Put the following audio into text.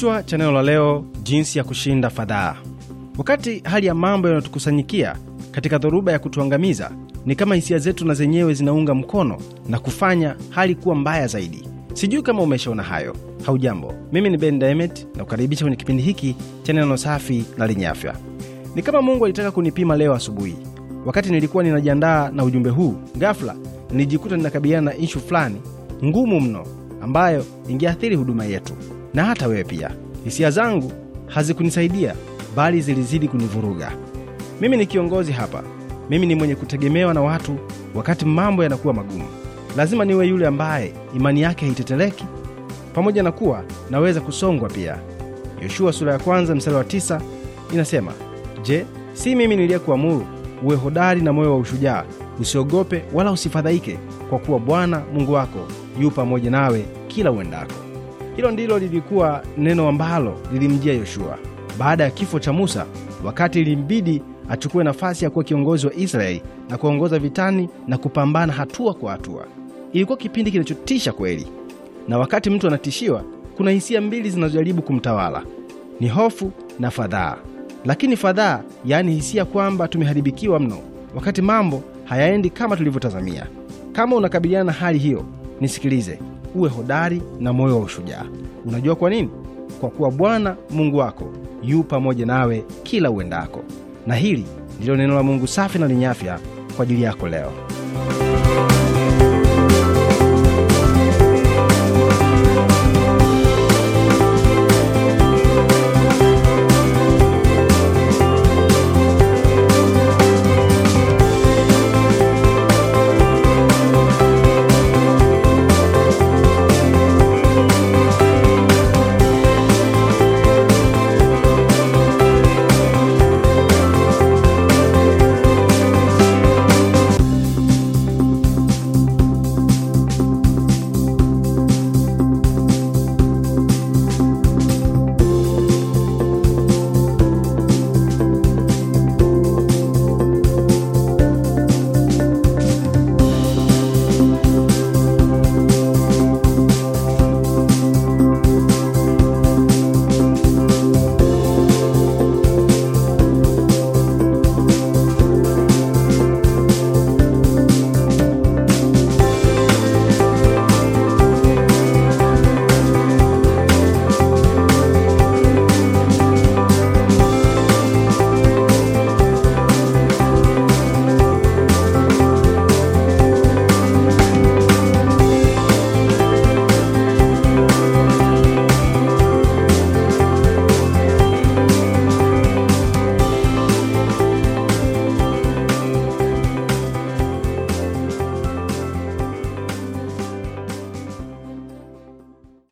Kichwa cha neno la leo: jinsi ya kushinda fadhaa. Wakati hali ya mambo yanayotukusanyikia katika dhoruba ya kutuangamiza ni kama hisia zetu na zenyewe zinaunga mkono na kufanya hali kuwa mbaya zaidi. Sijui kama umeshaona hayo. Haujambo, mimi ni Ben Demet na kukaribisha kwenye kipindi hiki cha neno safi na lenye afya. Ni kama Mungu alitaka kunipima leo asubuhi. Wakati nilikuwa ninajiandaa na ujumbe huu, ghafla nilijikuta ninakabiliana na ishu fulani ngumu mno ambayo ingeathiri huduma yetu na hata wewe pia. Hisia zangu hazikunisaidia bali zilizidi kunivuruga. Mimi ni kiongozi hapa, mimi ni mwenye kutegemewa na watu. Wakati mambo yanakuwa magumu, lazima niwe yule ambaye imani yake haiteteleki, pamoja na kuwa naweza kusongwa pia. Yoshua sura ya kwanza mstari wa tisa inasema, Je, si mimi niliyekuamuru uwe hodari na moyo wa ushujaa, usiogope wala usifadhaike, kwa kuwa Bwana Mungu wako yu pamoja nawe kila uendako. Hilo ndilo lilikuwa neno ambalo lilimjia Yoshua baada ya kifo cha Musa, wakati ilimbidi achukue nafasi ya kuwa kiongozi wa Israeli na kuongoza vitani na kupambana hatua kwa hatua. Ilikuwa kipindi kinachotisha kweli, na wakati mtu anatishiwa, kuna hisia mbili zinazojaribu kumtawala, ni hofu na fadhaa. Lakini fadhaa, yaani hisia kwamba tumeharibikiwa mno, wakati mambo hayaendi kama tulivyotazamia. Kama unakabiliana na hali hiyo, nisikilize uwe hodari na moyo wa ushujaa. Unajua kwa nini? Kwa kuwa Bwana Mungu wako yu pamoja nawe kila uendako. Na hili ndilo neno la Mungu safi na lenye afya kwa ajili yako leo.